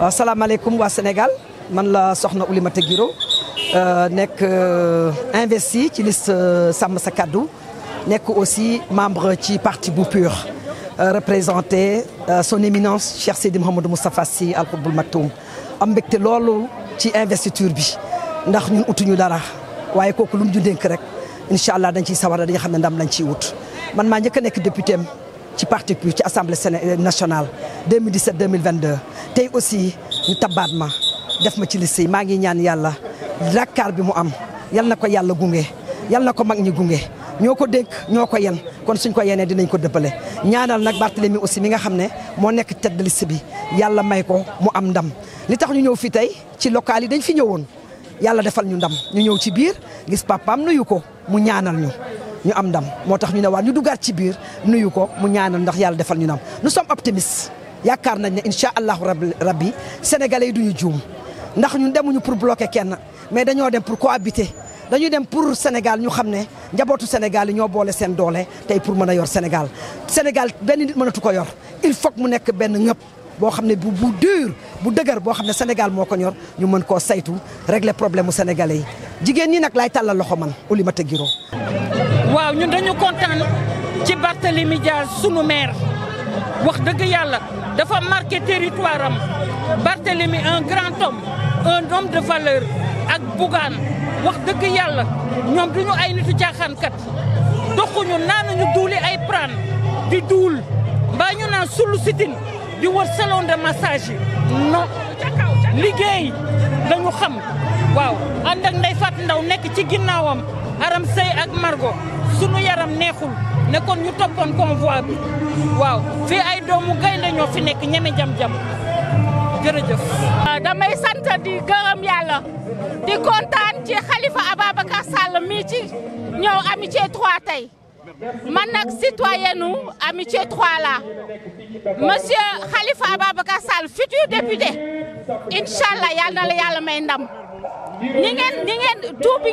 Euh, alaikum wa Sénégal man la soxna Oulimata Guiro euh, euh, investi ci liste Sam sa aussi membre du parti Boupur, représenté son éminence cher Sidi Mohamed Moustapha Sy Al Maktoum ci investiture bi ndax ñun dara dans député ci parti nationale 2017 2022 tey aussi ñu tabaat ma def ma ci liste maa ngi ñaan yàlla rakkaar bi mu am yal na ko yàlla gunge yal na ko mag ñi gunge ñoo ko dénk ñoo ko yen kon suñ ko yenee dinañ ko dëppale ñaanal nag Barthélemy aussi mi nga xam ne moo nekk tête de bi yàlla may ko mu am ndam li tax ñu ñëw fi tey ci local yi dañ fi ñëwoon yàlla defal ñu ndam ñu ñëw ci biir gis papaam nuyu ko mu ñaanal ñu ñu am ndam moo tax ñu ne waat ñu duggaat ci biir nuyu ko mu ñaanal ndax yàlla defal ñu ndam yaakaar nañ ne incha allahu rabbi sénégalais yi duñu juum ndax ñun demuñu pour bloquer kenn mais dañoo dem pour cohabiter dañuy dem pour Sénégal ñu xam ne njabootu Sénégal yi ñoo boole seen doole tey pour mën a yor Sénégal Sénégal benn nit mënatu ko yor il faut mu nekk benn ñëpp boo xam ne bu bu dur bu dëgër boo xam ne Sénégal moo ko ñor ñu mën koo saytu régler problème mu sénégalais jigéen ñi nag laay tàllal loxo man Oulimata Guiro waaw ñun dañu kontaan ci Barthélémy Dias sunu maire wax dëgg yàlla dafa marqué territoire am Barthélemy un grand homme un homme de valeur ak Bougane wax dëgg yàlla ñoom duñu ay nitu caaxaankat doxuñu naanuñu duuli ay praan di duul mbaa ñu naan sulu sitin di wër salon de massage non liggéey dañu xam waaw ànd ak Ndeye Fatou Ndaw nekk ci ginnaawam aram ak Margot sunu yaram neexul ne kon ñu toppoon convoi bi waaw fii ay doomu gaynde ñoo fi nekk ñeme jam-jam jërëjëf. damay sant di gërëm yàlla di kontaan ci Khalifa Ababacar Sall mii ci ñëw Amitié 3 tey man nag citoyenne u Amitié 3 la monsieur Khalifa Ababacar Sall futur député incha allah yal na yàlla may ndam ni ni ngeen tout bi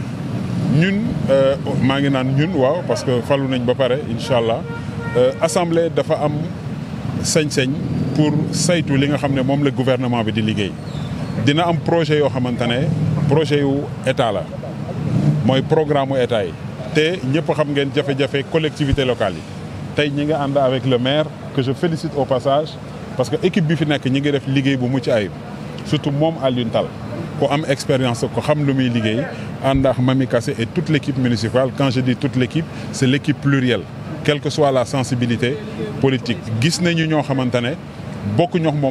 ñun euh, ma ngi nan ñun waaw parce que fallu nañ ba paré inshallah euh assemblée dafa am señ señ pour saytu li nga xamné mom le gouvernement bi di liggéey dina am projet yo xamantane projet yu état la moy programme état yi te ñëpp xam ngeen jafé jafé collectivité locale yi tay ñi nga ànd avec le maire que je félicite au passage parce que équipe bi fi nek ñi ngi def liggéey bu mucc ayib surtout mom Alioune Tall am expérience ko xam lu muy et toute l'équipe municipale quand je dis toute l'équipe c'est l'équipe plurielle quelle que soit la sensibilité politique gis nañu ñoo xamante ne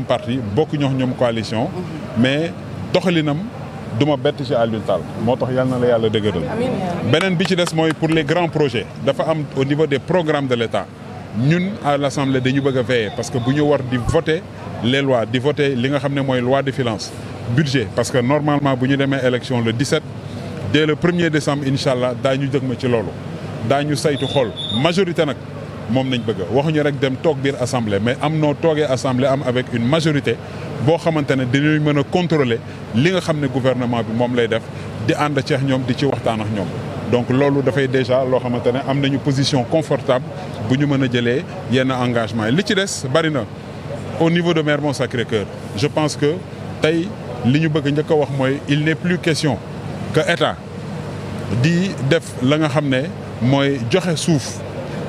parti bokk de ñoom coalition mais doxalinam du ma ci tax na la bi ci des pour les grands projets au niveau des programmes de l'État nous, à l'Assemblée, de dañu veiller parce que nous devons voter les lois di voter li nga loi de finances budget parce que normalement nous nous l'élection élection le 17 dès le 1er décembre inshallah nous daañu jëgma ci loolu daañu saytu la majorité nous moom nañ bëgg waxuñu rek dem assemblée mais avec une majorité pour xamante contrôler ce que le gouvernement bi faire di ànd ceex ñoom di ci waxtaan ak ñoom donc loolu dafay déjà loo xamante ne am position confortable bu ñu mën a jëlee engagement yi li ci des bari au niveau de Mermoz Sacré-Cœur je pense que tey li ñu bëgg njëkk wax mooy il n'est plus question que état di def la nga xam ne mooy joxe suuf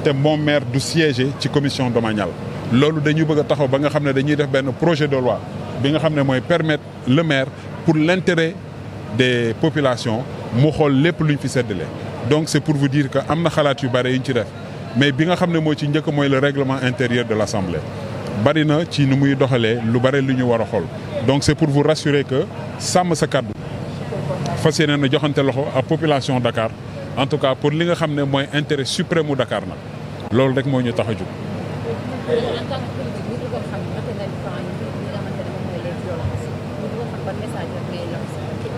te moom maire du siéger ci commission domanial loolu dañu bëgg a taxaw ba nga xam dañuy def benn projet de loi bi nga xam ne permettre le maire pour l'intérêt des populations mu xool plus luñ fi seddale donc c'est pour vous dire que amna na yu bari yuñ ci def mais bi nga xamné ne ci njëkk moy le règlement intérieur de l'Assemblée. bari na ci ni muy doxalé lu bari luñu wara xol donc c'est pour vous rassurer que sàmm sa cadre fas yéene na joxante loxo à population Dakar en tout cas pour li nga xamné moy intérêt suprême Dakar na, loolu rek moo ñu a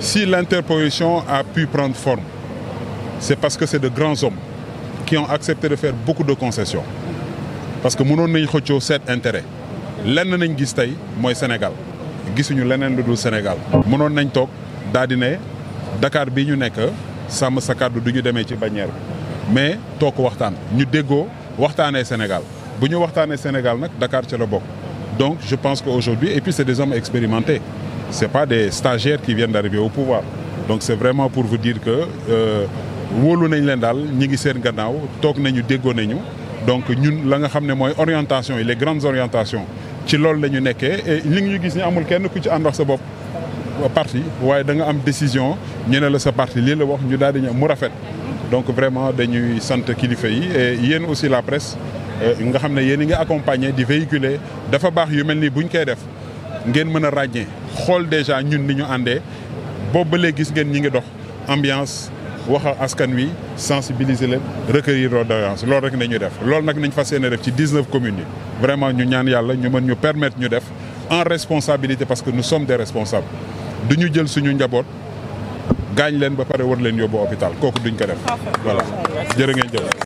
Si l'interposition a pu prendre forme, c'est parce que c'est de grands hommes qui ont accepté de faire beaucoup de concessions. Parce que nous avons cet intérêt. lenn nañ aujourd'hui, c'est le Sénégal gisuñu leneen lu Sénégal mënoon nañ dadi daal ne Dakar bii ñu nekk sàmm sa kàddu pas ñu à ci bannière nous mais toko waxtaan ñu déggoo Sénégal bu ñu Sénégal nag Dakar ca la bokk donc je pense qu'aujourd'hui, et puis c'est des hommes expérimentés, ce n'est pas des stagiaires qui viennent d'arriver au pouvoir. Donc c'est vraiment pour vous dire que euh, wóolu nañ leen daal ñi ngi seen gannaaw toog nañu donc ñun la nga orientation les grandes orientations ci loolu lañu et li ngi ñu gis amul kenn ku ci sa euh, parti waye da nga am décision ñu ne la sa parti li la wax ñu daal di mu rafet donc vraiment dañuy sante kilifa yi et a aussi la presse euh, nga xamné ne nga accompagner di véhiculer dafa bax yu melni buñ koy def ngeen mëna a ràññee déjà ñun ni ñu àndee boobu gis ngeen ñi ngi dox ambiance waxa askan wi sensibiliser leen recueillir doléance lool rek nañu def lool nak nañ fas yéene def ci 19 communes vraiment ñu ñaan yalla ñu mën ñu permettre ñu def en responsabilité parce que nous sommes des responsables duñu jël suñu njaboot gaañ leen ba paré war leen yóbbu hôpital koku duñ ko def voilà jërë ngeen jëf